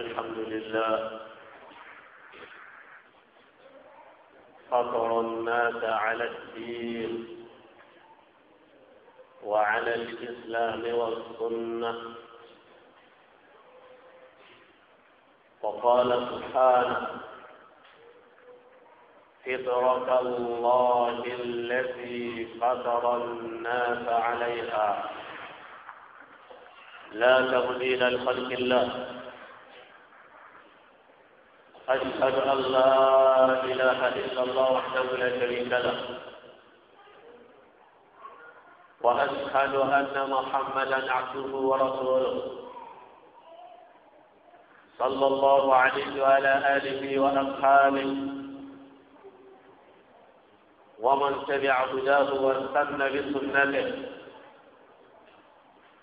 الحمد لله فطر الناس على الدين وعلى الإسلام والسنة وقال سبحانه فطرة الله التي فطر الناس عليها لا تبديل لخلق الله أشهد أن لا إله إلا الله وحده لا شريك له وأشهد أن محمدا عبده ورسوله صلى الله عليه وعلى آله وأصحابه ومن تبع هداه واستنى بسنته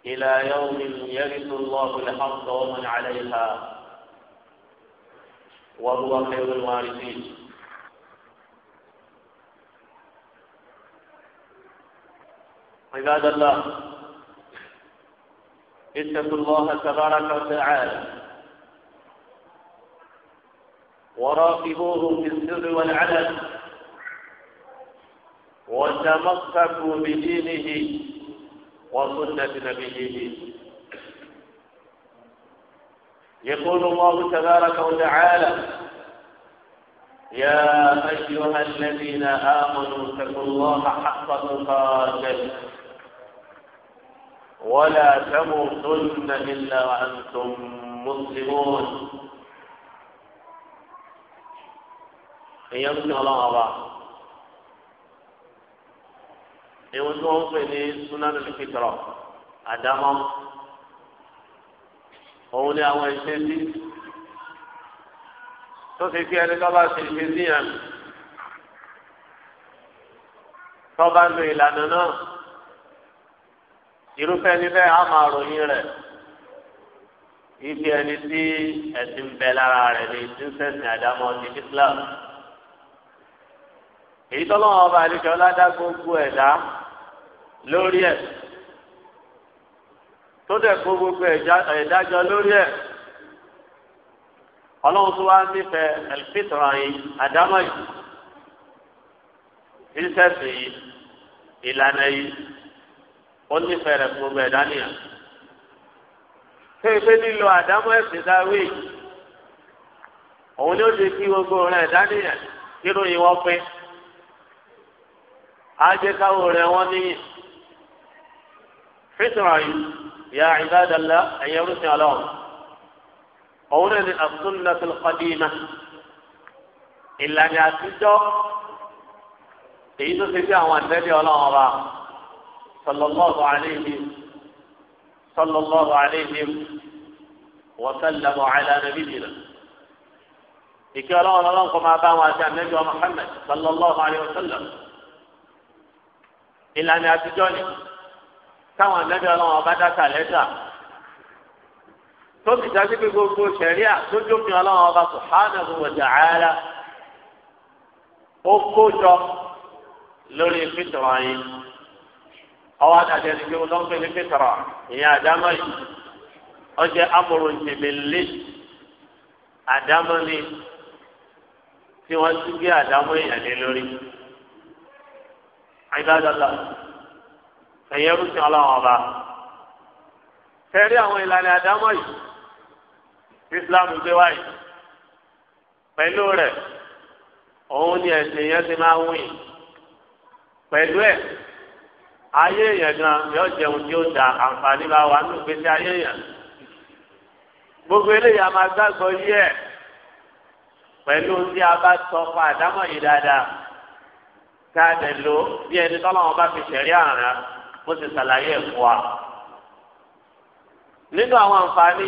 إلى يوم يرث الله الحق ومن عليها وهو خير الوارثين عباد الله اتقوا الله تبارك وتعالى وراقبوه في السر والعلن وتمسكوا بدينه وسنة نبيه يقول الله تبارك وتعالى يا أيها الذين آمنوا اتقوا الله حق تقاته ولا تموتن إلا وأنتم مسلمون يمكن الله أبا يوزعون إيوه في سنن الفطرة أدامه òun ni àwọn ìṣe sí tó fi fi ẹni tó bá ṣe ìṣe sí yẹn tó bá lo ìlànà náà irúfẹ́ ní bẹ́ẹ̀ á máa ròyìn rẹ̀ ibi ẹni tí ẹ̀sìn ń bẹ lára rẹ̀ ní tíńsẹ̀sì àdámọ́ ní Islam èyí tọ́lọ́wọ́n ọba àdìsọ́lá dá gbogbo ẹ̀dá lórí ẹ̀ tó dẹ̀ kó gbogbo ẹ̀dájọ́ lórí ẹ̀ ọlọ́run tó wá nífẹ̀ẹ́ ẹ̀lfítọ̀rọ̀ yìí àdámọ̀ yìí ìṣẹ̀sì yìí ìlànà yìí ó nífẹ̀ẹ́ rẹ̀ gbogbo ẹ̀dá nìyà tó ìpè lílo àdámọ̀ ẹ̀sìn dáwé òun ni ó ti kí gbogbo rẹ̀ ẹ̀dá nìyà yìí wọ́n pé ajẹ́káwó rẹ̀ wọ́n níyì fítọ̀rọ̀ yìí ya ibadallah ẹ̀yẹ rúṣin ọlọ́run òun náà ni as-sunnatul qadimah ìlànà àtijọ́ èyí tó ti fi àwọn àtẹ́bí ọlọ́run ọba sallallahu alayhi sallallahu alayhi wa sallamu ala nabiyyina ìkẹ́ ọlọ́run ọlọ́run kọ́ máa bá wọn àti àtẹ́bí ọmọ Muhammad sallallahu alayhi wa sallam ìlànà àtijọ́ ni táwọn ànábì ọlọ́wọ́n bá dáta lẹ́sà tó ti dájú pé gbogbo sẹ̀ríà tó jókòó ọlọ́wọ́n bá subhanahu wa ta'ala ó kó jọ lórí fìtọ̀rọ̀ yìí ọwọ́ àtàtẹ̀ ti gbé wọn pẹ̀lú fìtọ̀rọ̀ ìyẹn àdámọ́ yìí ọjọ́ amòrò ìjìnlẹ̀ àdámọ́ ni tí wọ́n ti gbé àdámọ́ ìyàlẹ́ lórí ẹ̀yẹ rúṣin ọlọ́run ọba tẹ̀rí àwọn ìlànà àdámọ́ yìí Islam gbé wáyé pẹ̀lú rẹ̀ òun ni ẹ̀sìn yẹn ti máa ń wìn pẹ̀lú ẹ̀ ayé èèyàn gan yóò jẹun tí ó da àǹfààní bá wà ní ìgbésí ayé èèyàn gbogbo eléyìí a máa gbàgbọ́ yí ẹ̀ pẹ̀lú tí a bá sọ fún àdámọ̀ yìí dáadáa ká dẹ̀ lo bí ẹni tọ́lọ́wọ́n bá fi ṣẹ̀rí àrùn bó ṣe ṣàlàyé ẹ̀ fún wa. nínú àwọn àǹfààní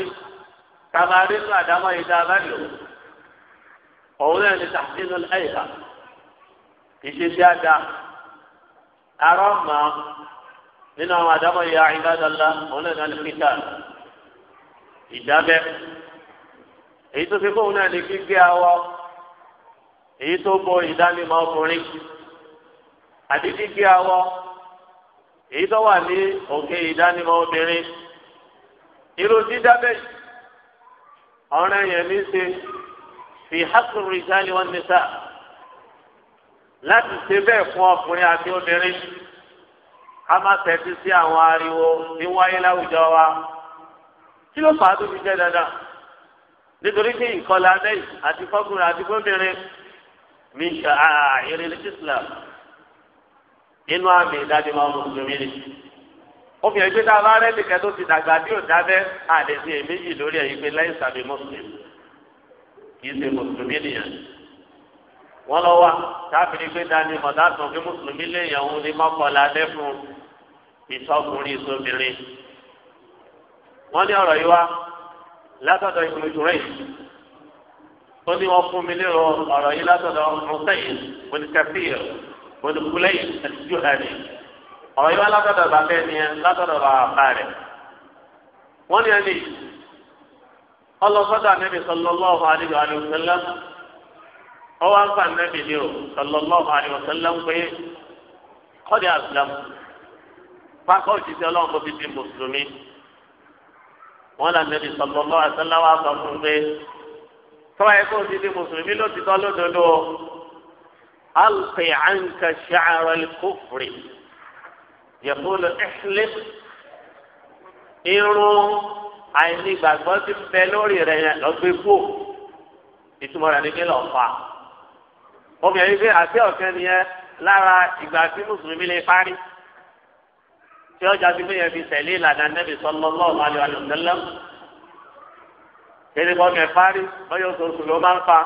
tàbárí nínú àdámọ́ ìdá abáyọ̀ òun náà ní tàbínú ẹ̀yà ìṣesí àdá arọ́mà nínú àwọn àdámọ́ ìyá ìbádọ́lá òun náà ní pítà ìdábẹ́ èyí tó fi kóun náà ní gbígbé awọ èyí tó bo ìdánimọ̀ ọkùnrin àti gbígbé awọ èyí tó wà ní òkè ìdánimọ̀ obìnrin irú dídábẹ́ ọ̀rẹ́ yẹn ní ṣe fi haqqi rijali wan nisa láti ṣe bẹ́ẹ̀ fún ọkùnrin àti obìnrin ká má tẹ́tí sí àwọn ariwo ní wáyé láwùjọ wa kí ló fà á tó fi jẹ́ dandan nítorí pé ìkọlà abẹ́yì àti fọ́kùnrin àti gómìnrin min sha'a'iril Islam inú àmì ìdájọ́ máa ń mùsùlùmí ni. obìnrin gbé dáa bá rẹ́ nìkan tó ti dàgbà bí ò dábẹ́ àdèsí èméjì lórí ẹ̀yìn pé láì sàbí mùsùlùmí kì í ṣe mùsùlùmí nìyẹn. wọ́n lọ wá tábìlì gbé dání mọ̀dásùn fún mùsùlùmí léèyàn òun ní mọ́kànlá lẹ́fún ìsọkùnrin ìsobìnrin. wọ́n ní ọ̀rọ̀ yìí wá látọ̀dọ̀ ìgbìmọ̀ olùkúlẹ̀ àtijọ́ hàní ọ̀rọ̀ yìí wá látọ̀dọ̀ bàbá ẹni yẹn látọ̀dọ̀ bàbá rẹ̀ wọ́n ní ẹni ọlọ́sọ́dọ̀ anábì sallallahu alaihi wa sallam ọwọ́ àǹfà anábì ni o sallallahu alaihi wa sallam pé kọ́dí àsìlámù pákó òṣìṣẹ́ ọlọ́run tó fi di mùsùlùmí wọ́n là anábì sallallahu alaihi wa sallam wà sọ fún pé tọ́ ألقي عنك شعر الكفر يقول احلق irun àìní gbàgbọ́ ti bẹ lórí rẹ yẹn lọ́gbẹ́ kú ìtumọ̀ rẹ̀ ní kí lọ́ọ́ fà obìnrin pé àti ọ̀kẹ́ nìyẹn lára ìgbà tí mùsùlùmí lè parí tí ọjà ti gbéyẹn fi tẹ̀lé ìlànà nẹ́bí sallallahu alaihi wa sallam kéde kọ́ kẹ́ parí lọ́yọ̀ oṣooṣù ló máa ń fa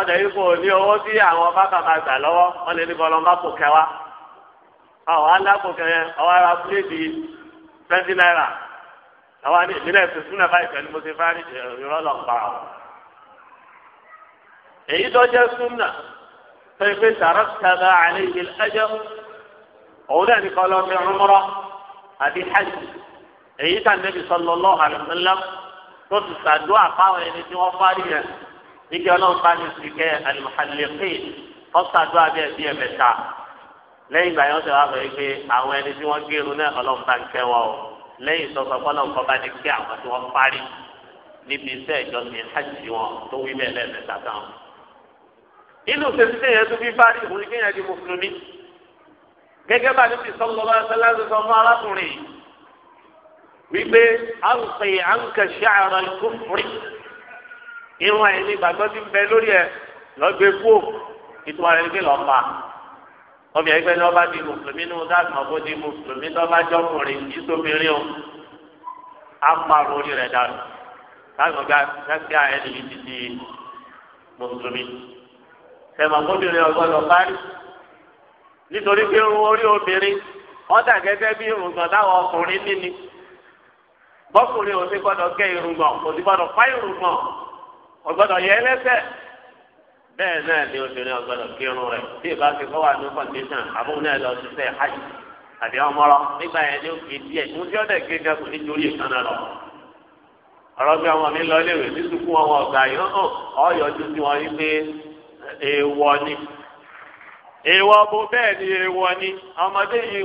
ọ̀dọ̀ yìí kò ní owó tí àwọn bábà máa gbà lọ́wọ́ wọ́n lè ní bọ́lọ́mbà kò kẹwa àwọn alákòókè yẹn ọwọ́ ara pléèdì twenty naira àwọn àni ìpínlẹ̀ tuntun náà báyìí pẹ̀lú mo ti fárí lọ pa ọ́. èyí tó jẹ́ súnà tó ife sàrọ́ àlẹ́ ìlú ẹjọ́ òun náà ní kọ́lọ́ fi rúmọ́rọ́ àti hajj èyí tàn níbi sọlọ́lọ́ àlùmọ́lá tó ti sàdúrà fáwọn ẹni tí wọ́n fárí yẹn ike ọlọ́run bá ní sikẹ́ alimuhalileke ọ̀sàdó abẹ́ ẹ̀bí ẹ̀mẹ́ta lẹ́yìn ìgbà yẹn ó ti wá sọ pé àwọn ẹni tí wọ́n gbèrú náà ọlọ́run bá ń kẹ́ wọn o lẹ́yìn ìsọsọ fọlọ́ nǹkan bá ní kí àwọn tí wọ́n parí níbi iṣẹ́ ìjọsìn hajj wọn tó wí bẹ́ẹ̀ lẹ́ẹ̀mẹ́ta tán. inú sèṣin yẹn tún fi parí òun kéèyàn di mùsùlùmí gẹ́gẹ́ bá níbi sọ́lọ́lá sẹ́lẹ́sọ ìwọ̀n ẹ̀mí ìgbàgbọ́ ti ń bẹ lórí ẹ̀ lọ́gbẹ́ kú ìtura rẹ̀ gbé lọ́ pa ọbẹ̀ ẹgbẹ́ ni wọ́n bá di mùsùlùmí ní ọdún àgbà bó di mùsùlùmí tó bá jọkùnrin yìí sóbìnrin o á parọ́ orí rẹ̀ dànù láti ọ̀gá gẹ́gẹ́ àyẹ̀lẹ̀ yìí ti di mùsùlùmí tẹ̀mọ̀ kóbìnrin ọgbọ́dọ̀ parí nítorí pé irun orí obìnrin wọ́n dà gẹ́gẹ́ bí irùngbọ̀n táwọn ọkùnrin níní bọ́kùnrin ò sí gbọ́dọ̀ gé irùngbọ̀n kò sí gbọ́dọ̀ pa irùngbọ̀n. ọgbọ́dọ̀ yẹ ẹlẹ́sẹ̀ bẹ́ẹ̀ náà ni obìnrin ọgbọ́dọ̀ kírun rẹ̀ tí ìbá ti kọ́ wà ní àbúrò náà lọ síṣẹ́ hajj àbí ọmọlọ nígbà yẹn ni ó fi díẹ̀ mú tí dị dẹ̀ gé ọ lọ. bí ọmọ mi lọ ọmọ yìí hàn sí wọn pé ni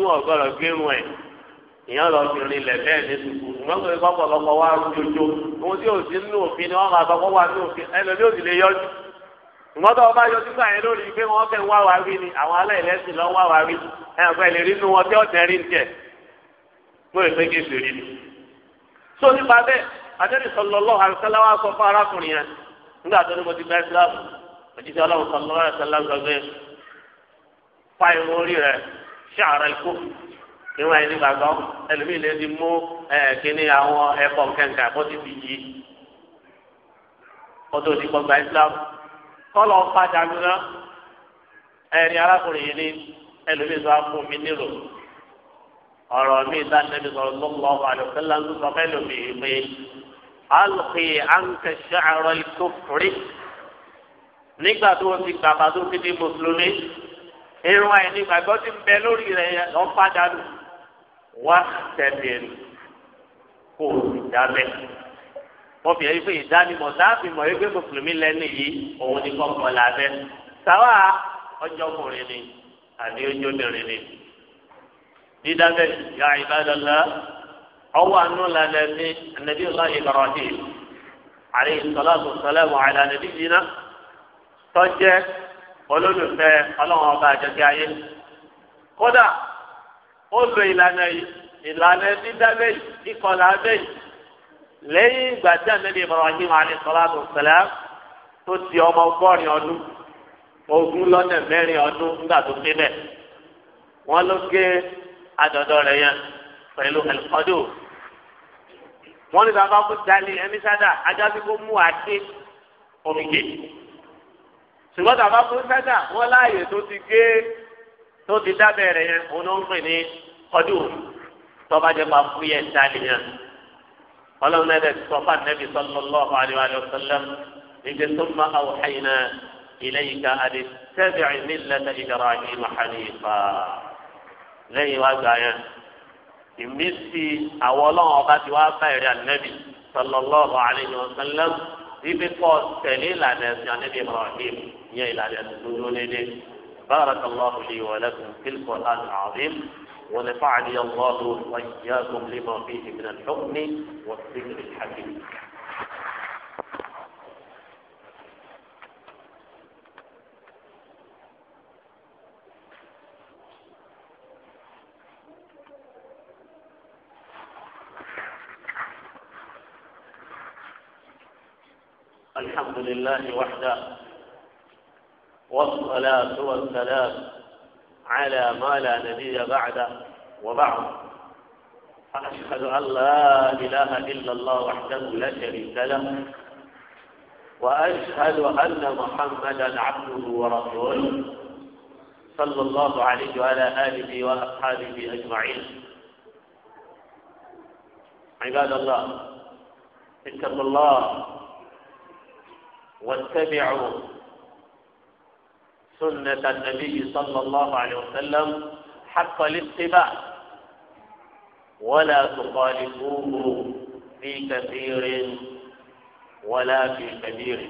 ìyá lọ fi rin lẹ bẹ́ẹ̀ ní tuntun ìmọ̀n kò ní kọ́ pọ̀lọpọ̀ wá rújojo ohun tí òsì nínú òfin ni wọ́n máa sọ fún wa ní òfin ẹnu ní òsì lè yọjú ìmọ̀n tó ọba yọjú lórí pé wọ́n ni àwọn aláìlẹ́sìn lọ́ wá wa rí ẹ̀yàn lè rí wọn tí ń tẹ̀ kí èsì rí ni. nípa bẹ́ẹ̀ adẹ́rì níwọ̀n ẹni gbàgbọ́ ẹlòmíì lè ti mú kíní àwọn ẹ̀kọ́ kẹ̀kẹ́ kó ti fi yí kótó di gbọgbà Islam kọ́lọ̀ padà gbìnà ẹ̀rí arákùnrin yìí ni ẹlòmíì sọ fún mi nílò ọ̀rọ̀ mi ìta nẹ́bí sọ̀rọ̀ lọ́kùnrin ọ̀fọ̀ àlùfẹ́lá ń sọ fẹ́ lómi ìpè alùpùpù àǹkẹ́sẹ̀ àrọ̀ ikú fúri nígbà tó ti gbàgbà tó ti di mùsùlùmí irun àìní gbàgbọ́ ti ń bẹ lórí rẹ̀ lọ́ padà nù wá tẹ̀lé kó o sì dábẹ́. wọ́n fi ẹ̀rí pé ìdánimọ̀ sáàfin mọ̀ ẹgbẹ́ mùsùlùmí lẹ́nu yìí òun ni kọ́kọ́ lábẹ́. sáwà ọjọ́kùnrin ni àbí ojóbìnrin ni. dídábẹ́ ya ibadallah ọwọ́ àánú lálẹ́ ní ẹnẹ́bí ọlá Ibrahim alayhi salatu wassalamu ala nabiyyina tọ́jẹ́ olólùfẹ́ ọlọ́run ọba àjọkẹ́ ayé kódà ó lo ìlànà yìí ìlànà dídá bẹ́ẹ̀ ìkọlà bẹ́ẹ̀ lẹ́yìn ìgbà tí ànábì Ibrahim alayhisalatu salam tó ti ọmọ ọgọ́rin ọdún ogún lọ́nà mẹ́rin ọdún nígbà tó dé bẹ̀ wọ́n ló gé adọ̀dọ̀ rẹ̀ yẹn pẹ̀lú ẹ̀lùkọ́dọ̀ wọ́n ní bàbá kó jalè ẹni sádà ajá sí kó mú àti omi kè ṣùgbọ́n bàbá kó sádà wọ́n láàyè tó ti gé tó ti dábẹ̀rẹ̀ yẹn òun ló ń pè ní ọdún tọ́ba jẹ́ máa fúyẹ́ ìdálé yẹn ọlọ́run ẹ̀dẹ̀ ti sọ fún anabi sallallahu alayhi wa sallam ìgbé tó ma àwọn ẹ̀yìnà ilayka àti tẹ́bìrì millata Ibrahim hanifa lẹ́yìn wá gbà yẹn ìmísí àwọn ọlọ́run ọba ti wá bẹ̀rẹ̀ anabi sallallahu alayhi wa sallam ibi kọ́ بارك الله لي ولكم في القرآن العظيم ونفعني الله وإياكم لما فيه من الحكم والذكر الحكيم الحمد لله وحده والصلاة والسلام على ما لا نبي بعده وبعد فأشهد أن لا إله إلا الله وحده لا شريك له وأشهد أن محمدا عبده ورسوله صلى الله عليه وعلى آله وأصحابه أجمعين عباد الله اتقوا الله واتبعوا سنة النبي صلى الله عليه وسلم حق الاتباع ولا تخالفوه في كثير ولا في كبير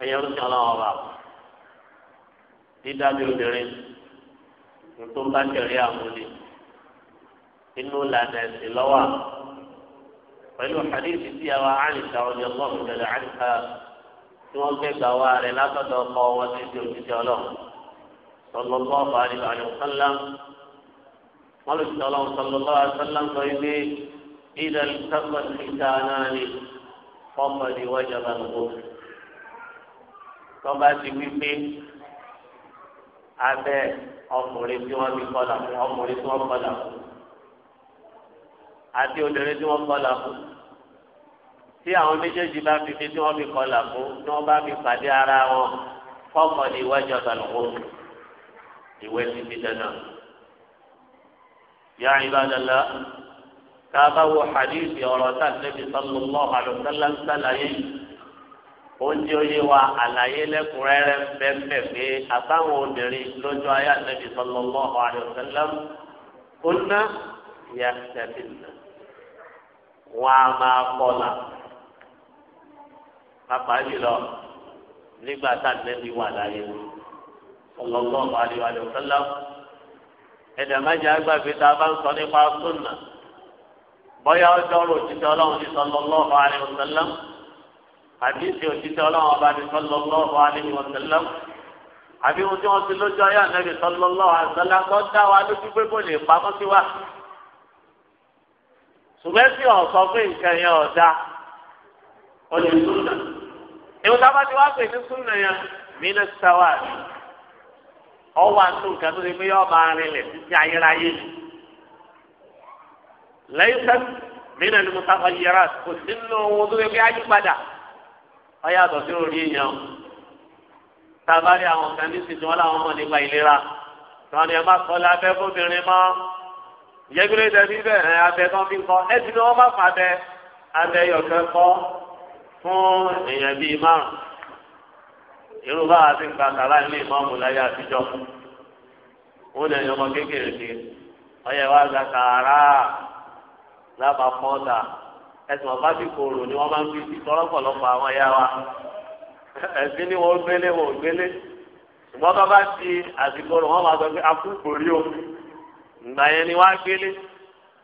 فيرجع الله بعض dídábì obìnrin tó bá tẹ̀lé àmúlé inú lànà ẹ̀sìn lọ́wọ́ pẹ̀lú hadith tí a wá àyíká ọ̀dẹ̀ ọlọ́run tẹ̀lé tí wọ́n gbé gbà wá rẹ̀ látọ̀dọ̀ ọkọ wọn ti di òjijì ọlọ́run sọlọ́lọ́ àbáyọ àyọ̀sánlá wọ́n lè sọ ọlọ́run sọlọ́lọ́ àyọ̀sánlá sọ ilé ìdá sábàtì dáná ni ọmọ ìwájà bá ń bọ̀. tọ́ba ti wí pé abẹ́ ọkùnrin tí wọ́n fi kọlà fún ọkùnrin tí wọ́n kọlà fún àti obìnrin tí wọ́n kọlà fún tí àwọn méjèèjì bá fi fi tí wọ́n fi kọlà fún tí wọ́n bá fi pàdé ara wọn kọ́kọ́ ní ìwájú àtàlùkò ìwé ti fi dáná. yá ìbádàlá tá a bá wo hadith ọ̀rọ̀ tá a tẹ́bi sallallahu alaihi wasallam sálàyé oúnjẹ oyé wa àlàyé lẹ́kùnrẹ́rẹ́ bẹ́ẹ̀ pé àbáwọn obìnrin lójú ayé àtẹ́bi sallallahu alaihi wasallam kúnná yá tẹ́bi nà wọ́n á máa kọ́ la pàápàá jùlọ nígbà tá a nẹ́bí wà láyé sallallahu alaihi wa sallam ẹ̀dá méjì agbàgbé tá a bá ń sọ nípa súnà bọ́yá ọjọ́ ọ̀rọ̀ òtítọ́ ọlọ́run ní sallallahu alaihi wa sallam àbí ìsìn òtítọ́ ọlọ́run ọba ní sallallahu alaihi wa sallam àbí ohun tí wọ́n ti lójú ayé ànábì sallallahu alaihi wa sallam tó dá wa lójú pé kò lè pamọ́ sí wa. ṣùgbọ́n tí ọ̀sọ́ fún nǹkan yẹn ọ̀dà ọ̀lẹ́ súnà ìwọ bá ti wá pè ní súnà yẹn mílẹ̀ sáwà ọwọ́ àti nǹkan tó ti fi yọ ọba arinlẹ̀ títí ayérayé lẹ́yìn sẹ́ni mílẹ̀ ni mo yẹra kò sí nínú ohun tó ti fi ayípadà ọyàtọ̀ sí orí èèyàn tá àwọn kan ní sísun wọn làwọn ọmọ nípa ìlera tọ́wọ́n ni ẹ má kọ́ lábẹ́ fóbìnrin mọ́ ìyẹ́gbẹ́lẹ́ ìdẹ́bí bẹ́ẹ̀ abẹ kan fi kọ́ ẹ ti ní wọ́n má fà bẹ́ abẹ yọ̀kẹ́ kọ́ fún. èèyàn bíi márùn irú bá a ti ń ka kàrá ilé ìmọ̀ọ́mù láyé àtijọ́ ó lè yọmọ kékeré ọyẹ wa gba kàrá lábàá pọ́ńtà ẹsùn ọba ti kòrò ni wọ́n bá ń fi ti tọ́lọ́pọ̀lọpọ̀ àwọn wa ni gbélé gbélé ṣùgbọ́n bá bá ti àsìkò sọ pé o ìgbà yẹn ni á gbélé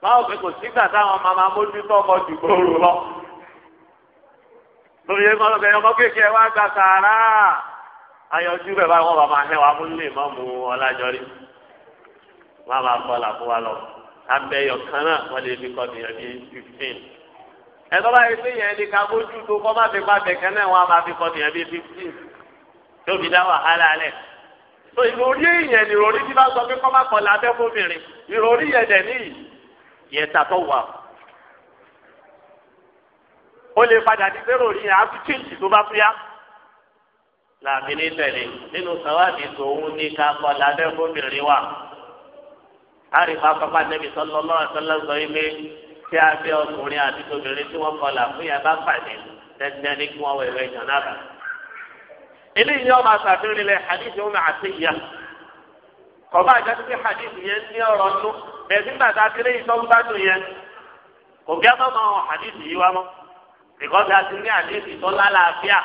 báwo pé kò sígbà lọ. lórí ẹgbẹ́ ọlọ́bẹ̀rẹ̀ ọkọ kéèké ẹ wá gba sàárà ayọ̀jú bẹ̀ báwọn bàbá ahẹ́ wa mú lè mọ́ mu ọlájọ́rí wọn bá kọ́ làkú wa lọ abẹ́yọ̀ kan náà wọ́n lè fi kọ́ bìyàn bíi fifteen ẹ̀tọ́ báyìí pé yẹn ní ká bójú tó kọ́ má fi pa kẹ̀kẹ́ náà wọ́n á máa fi kọ́ bìyàn bíi fifteen tó fi dá wàhálà alẹ̀ tó ìròrí yẹn ní ìròrí tí bá sọ pé kọ́ má kọ́ ó lè padà di pé ròrí yẹn á fi chíǹtì tó bá fúyà. làmì ní tẹ̀lé nínú sàwádìí tòun ní ká kọ́ lábẹ́ fóbìnrin wa. àríwá pápá nẹ́bí sọ́lọ́ lọ́wọ́ sọ́lọ́ sọ ilé tí a fẹ́ ọkùnrin àti obìnrin tí wọ́n kọlà fún yẹn bá pàdé tẹ́tẹ́ ní kí wọ́n wẹ̀wẹ̀ jàn náà. eléyìí ni wọ́n máa ṣàfihàn ilẹ̀ hadith ọmọ umm àti ìyá. kọ̀ọ̀bá àjọṣe pé yẹn ní ọ̀rọ̀ nú bẹ̀ẹ́dì nìkọ́sí àti ní àdéhùn tó lálàáfíà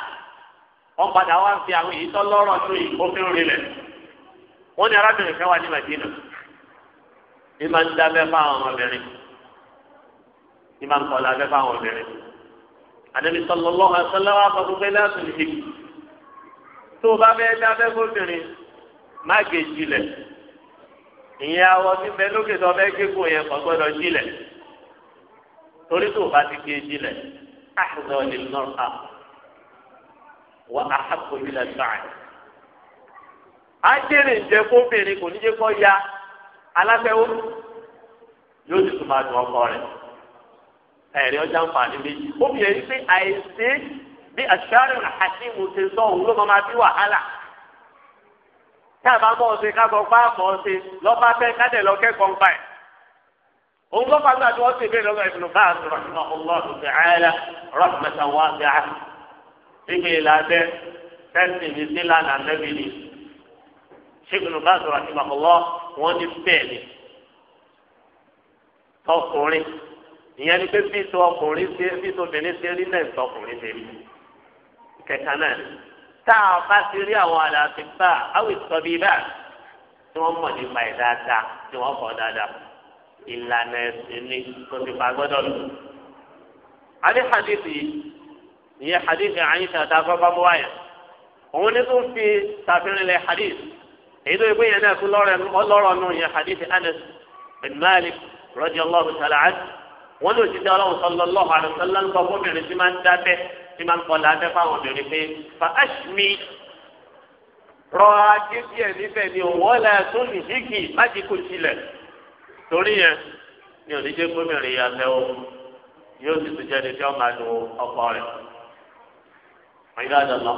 wọ́n padà wá ń fi àwọn èyí tó lọ́rọ̀ tó yìí kó fún rilẹ̀ wọ́n ní arábìnrin kan wà ní Madina ní máa ń dábẹ́ fáwọn ọmọbìnrin ní máa ń kọ́ lábẹ́ fáwọn obìnrin àdébí sallallahu alaihi wasallam àkọ́kọ́ láti lè tó o bá fẹ́ dábẹ́ fóbìnrin má gé jilẹ̀ ìyẹn awọ bíbẹ lókè tó o gé أحظى للمرأة وأحب إلى البعد ajẹ́rìí ń jẹ kóbìnrin kò ní jẹ́ kó ya aláfẹ́wọ́ yóò ti tún máa dùn ọkọ rẹ̀ ẹ̀rí ọjà ń fàánì méjì obìnrin pé àìsí bí aṣáájú àti ìmùtí sọ òun ló máa bí wàhálà tá a bá mọ̀ ọ́ sí ká gbọ́ pa àmọ́ ọ́ sí lọ́ba fẹ́ ká dẹ̀ lọ kẹ́kọ̀ọ́ ń pa ẹ̀. òun lọ́pàá nígbà tí wọ́n ti bẹ́ẹ̀ lọ́gbà ìfúnnú bá a sọ̀rọ̀ ìmọ̀ ọlọ́run ti àyàlá rọ́pùmẹ́ta wá sí a. níbi tẹ́sí ní sílànà nẹ́bí ni ṣégun bá a sọ̀rọ̀ ọlọ́ wọn ní bẹ́ẹ̀ tọkùnrin ìyẹn ni pé fíìsì ọkùnrin ṣe fíìsì obìnrin ṣe rí náà tọkùnrin ṣe rí kẹta náà tá a bá ti rí àwọn àlàáfíà àwìn sọ tí wọ́n mọ̀ nípa ìlànà ẹ̀sìn ni tó ti pa gbọ́dọ̀ lò. adé hadith yìí ìyẹn hadith àyíṣà tá a kọ́ bá bọ́ wáyà òun ní tó ń fi tàfihàn lẹ hadith èyí tó ìpínyẹn náà fún lọ́rọ̀ nù ìyẹn hadith Anas bin Malik radiyallahu ta'ala anhu wọn lò jíjẹ Ọlọ́run sallallahu alaihi wasallam ńkọ fóbìnrin tí máa ń dábẹ tí máa ń kọ lábẹ fáwọn obìnrin pé fa ashmi rọ ajé díẹ̀ níbẹ̀ ni òun ọlẹ tó nìyíkì má ti torí yẹn ni oníjẹ gómìnà ìyàtẹ o yóò sì tún jẹni tí wọn máa ọkọ rẹ ìlú àdàlọ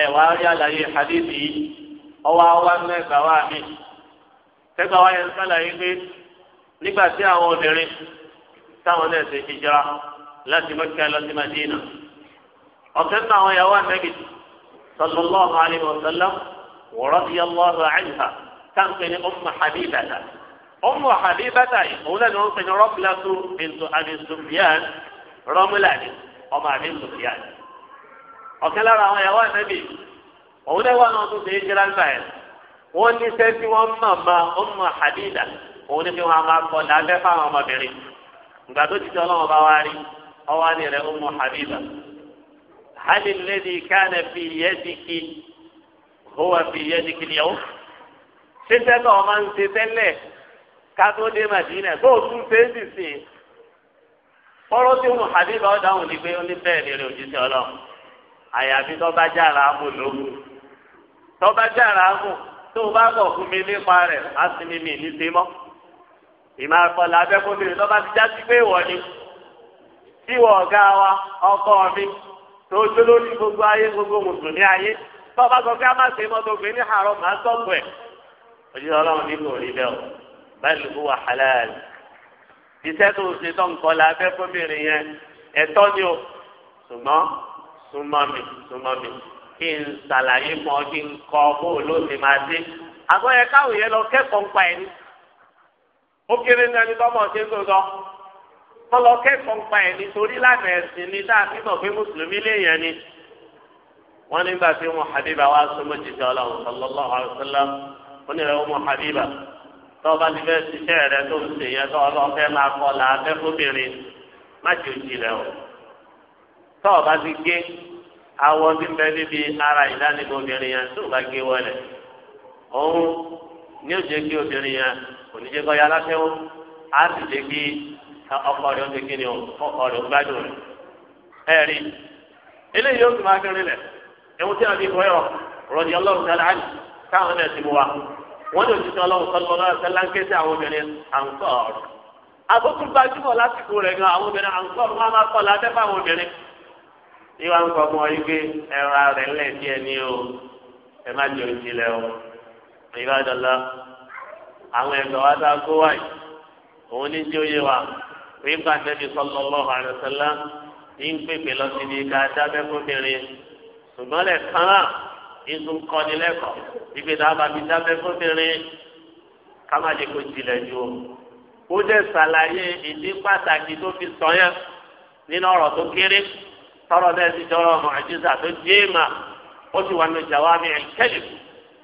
ẹ wàá rí àlàyé hadithi ọwọ àwa ń mẹgbà wá mi tẹgbà yẹn sálàyé pé nígbà tí àwọn obìnrin táwọn náà ṣe hijira láti Mẹ́kà lọ sí Madina ọ̀kẹ́ ń bá àwọn ìyàwó àtẹ́gì sallallahu alaihi wa sallam wa táǹkì ní Ummu Habibata. ọmọ àbíbátà yìí òun náà ni wọ́n ń ní rọ́pìlátù bíntu àbísùfìyàn rọ́múlàdì ọmọ àbísùfìyàn. ọ̀kẹ́ lára àwọn ìyàwó àtẹ́bí òun náà wà náà tó ṣe é ní ọmọ àbídà òun ní wọn máa fáwọn ọmọbìnrin ìgbà tó ti tẹ bá wá rí ni fi hùwà fi kátó dé màdínà bó o tún ṣe é sì sí i kọ́rọ́ tí mo hàbíbà ọ̀dà òun ni pé ó ní bẹ́ẹ̀ ni rẹ̀ òjíṣẹ́ ọlọ́run àyàfi tọ́ba jára mú lóhùn tọ́ba jára mú tó o bá bọ̀ fún mi nípa rẹ̀ á sì ní mi ní sí ni ìwọ ọ̀gá wa ọkọ mi tó gbogbo ayé gbogbo mùsùlùmí ayé tọ́ba sọ pé a má ṣe mọ́tò ní àárọ̀ màá bal huwa halal iṣẹ́ tó ṣe tó ń kọ́ la fẹ́ fómìnrin yẹn ẹ̀tọ́ ni o ṣùgbọ́n súnmọ́ mi súnmọ́ mi kí n ṣàlàyé mọ́ kí n kọ́ bó ló ti máa dé àgbọ̀yẹ káwọn yẹn lọ kẹ́kọ̀ọ́ ń pa ẹ̀ ní ó kéré ní ẹni tọ́mọ̀ ṣe ń tó sọ wọ́n lọ kẹ́kọ̀ọ́ pa ẹ̀ nítorí lánà ẹ̀sìn ni tá fi mọ̀ pé mùsùlùmí léèyàn ni wọ́n nígbà tí mo Habiba wá sọmọ́ jìjọ́ ọlọ́run sallallahu tọ́ba ti fẹ́ ṣiṣẹ́ rẹ tó ń ṣe yẹ tọ́ ọlọ́fẹ́ máa kọ́ la afẹ́fóbìnrin má rẹ o ti gé awọ tí ń ara ìdánimọ̀ obìnrin yẹn tó bá gé wọlé òun ní òjò kí obìnrin yẹn kò ní jẹ́ ya aláṣẹ́wó á sì jẹ́ kí ọkọ rẹ̀ ó ti kí ni ọkọ rẹ̀ ó gbádùn rẹ̀ ẹ rí eléyìí ó máa kéré lẹ̀ ẹ̀wọ̀n tí a yọ ọlọ́run wọ́n ní òṣìṣẹ́ ọlọ́run sọ́dọ̀ ọlọ́run sẹ́lá ń ké sí àwọn obìnrin àǹkọ́ọ̀rù àkókò gbajúmọ̀ lásìkò rẹ̀ gan àwọn obìnrin àǹkọ́ọ̀rù máa máa kọ́ ládẹ́ fáwọn obìnrin ìwà ń kọ́ mọ́ igbe ẹ̀rọ rẹ̀ ńlẹ̀ sí ẹni o ẹ má jẹ òjìlẹ̀ o ìwà dọ̀lá àwọn ẹ̀gbẹ́ wa dá kó wáyé òun ní jẹ́ òye wa wípé àtẹ́bí sọ́lọ́ lọ́wọ́ àrẹ̀sẹ́lá ní ń pèpè lọ síbi ká dábẹ́ fún obìnrin ṣùgbọ́n lẹ̀ kán náà ní tún kọ́ni lẹ́kọ̀ọ́ ìgbé dábàá mi dábẹ́ fúnbìnrin ká má lè kó jìnlẹ̀ ju o. ó dẹ̀ ṣàlàyé ìdí pàtàkì tó fi sọ yẹn nínú ọ̀rọ̀ tó kéré tọ́rọ̀ náà ti jọrọ̀ ọmọ àjíṣà tó jéèmà ó sì wà ní jàwámi ẹ̀kẹ́lì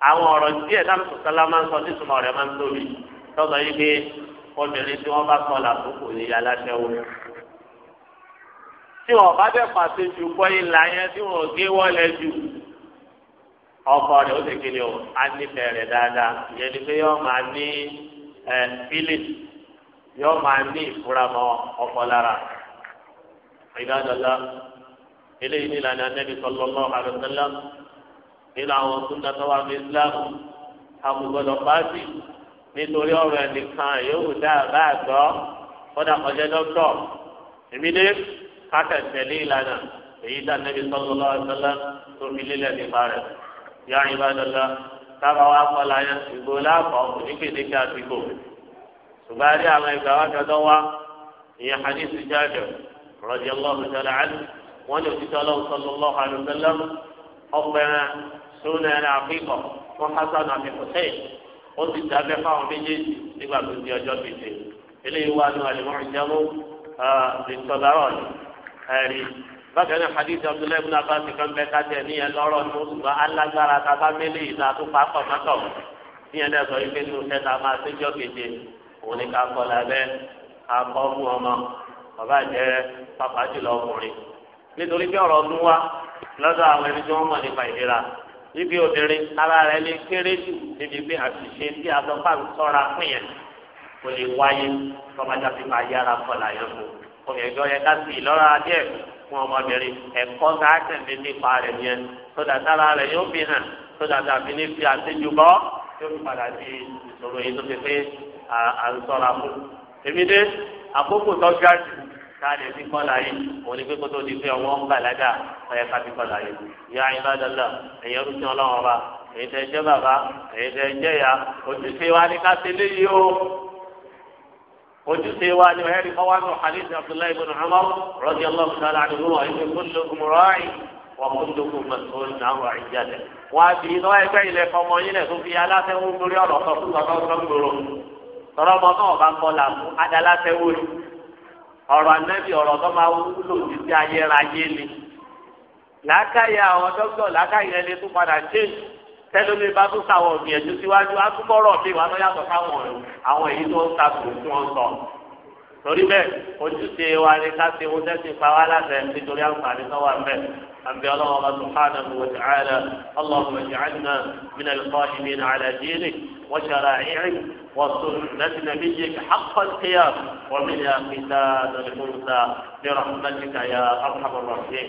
àwọn ọ̀rọ̀ díẹ̀ dáhùn sọ́lá máa ń sọ nítumọ̀ rẹ̀ máa ń tóbi tọ́sọ̀ yìí pé obìnrin tí wọ́n bá sọ làkókò ní aláṣẹ́wó tí wọ́n bá bẹ̀ pàṣẹ ju kọ́ ilà yẹn tí wọ́n gé wọ́lẹ̀ jù ọkọ rẹ ó sì kiri o á nífẹ̀ẹ́ rẹ dáadáa ìyẹn ni pé yóò máa ní ẹ fílì yóò máa ní ìfura mọ ọkọ lára ìdádọ́lá eléyìí ní ìlànà anábì sallallahu alaihi wasallam nínú àwọn súnà tó wà ní islam àbùgbọ̀dọ̀ pàṣẹ nítorí ọ̀rọ̀ ẹnìkan yóò dá àbá àgbọ̀ kọ́dà kọjá dọ́kítọ̀ èmi dé kákẹ́tẹ̀lé ìlànà èyí tá anábì sallallahu alaihi wasallam tó fi lélẹ̀ nípa rẹ̀ yá ìbádọ́lá tábà wá kọ́lá yẹn ìgbò láàpọ̀ oníkèdèkè àsìkò ṣùgbọ́n àdé àwọn ìgbà wá kẹ́tọ́ wá ìyẹn hadith jáde rọ̀jẹ̀ lọ́hùn sọ̀rọ̀ àdé wọ́n lè títọ́ lọ́hùn sọ̀rọ̀ lọ́hùn àdùnsẹ́lẹ̀ ọ̀pẹ̀rẹ̀ sọ́nà ẹ̀rẹ̀ àfihàn wọ́n hasan àti hussein ó ti dábẹ́ fáwọn méjèèjì nígbà tó di ọjọ́ gbèsè eléyìí wá ní àlùmọ́ ìjẹ́mú ìtọ́lárọ̀ bákan náà hadith abdullahi ibn abbas kan bẹ ká tẹ níyẹn lọ́rọ̀ ní oṣù bá alágbára tábà mélé yìí náà tó pa pọ̀ mọ́tọ̀ níyẹn náà sọ wípé nínú sẹ́ta máa séjọ́ keje òun ni ká kọ́ lábẹ́ akọ́ fún ọmọ bàbá jẹ́ pàpà jùlọ ọkùnrin nítorí bí ọ̀rọ̀ ọdún wa lọ́dọ̀ àwọn ẹni tí wọ́n mọ̀ nípa ìlera níbi obìnrin ara rẹ̀ lè kéré jù níbi pé àṣìṣe tí a ń sọ́ra fún yẹn kò lè wáyé tọ́mọdé àti máa yára kọ́ fún ọmọbìnrin ẹ̀kọ́ tá a tẹ̀lé nípa rẹ̀ yẹn sódà tára rẹ̀ yóò fi hàn sódà tàbí ní fi àtẹ́jú bọ́ yóò fi padà di ìṣòro yìí tó fi pé à ń sọ́ra fún. èmi dé àkókò tó ga jù ká lè fi kọ́ láyé òun ni pé kó tó di pé ọmọ ń bàlágà ọ̀yẹ́ ká fi kọ́ láyé. ìyá ìbádọ́lọ̀ ẹ̀yẹ́ rúṣin ọlọ́run ọba èyí tẹ́ jẹ́ bàbá èyí tẹ́ jẹ́ ìyá òjúṣe wa ni ká ojúṣe wa ni ẹ̀rí kọ́ wá ní hadith abdullahi ibn umar radiyallahu ta'ala anhu wa ibi kullukum ra'i wa kullukum mas'ulun 'an ra'iyyatihi. wọ́n á bí iná ẹgbẹ́ ilẹ̀ kọ́mọ yín lẹ̀ tó fi aláṣẹ́wó lórí ọ̀rọ̀ sọ fún tọ́tọ́ tó ń gbòòrò. tọ́lọ́ ọmọ náà bá kọ́ là ni. ọ̀rọ̀ anábì ọ̀rọ̀ ẹni tó padà tẹlifí bá tún sáwọn ògbìyànjú síwájú á tún bọ́rọ̀ bí wàá lọ́yà tó káwọn àwọn èyí tó ń ta kù tí wọ́n sọ. torí bẹ́ẹ̀ ojúṣe wa ni ká ti wọ́n tẹ́sí pa wá láti ẹ̀ nítorí àǹfààní tó wà mẹ́. أنبي الله سبحانه وتعالى اللهم اجعلنا من القائمين على دينك وشرائعك وسنة نبيك حق القيام ومنها قتال الأنثى برحمتك يا أرحم الراحمين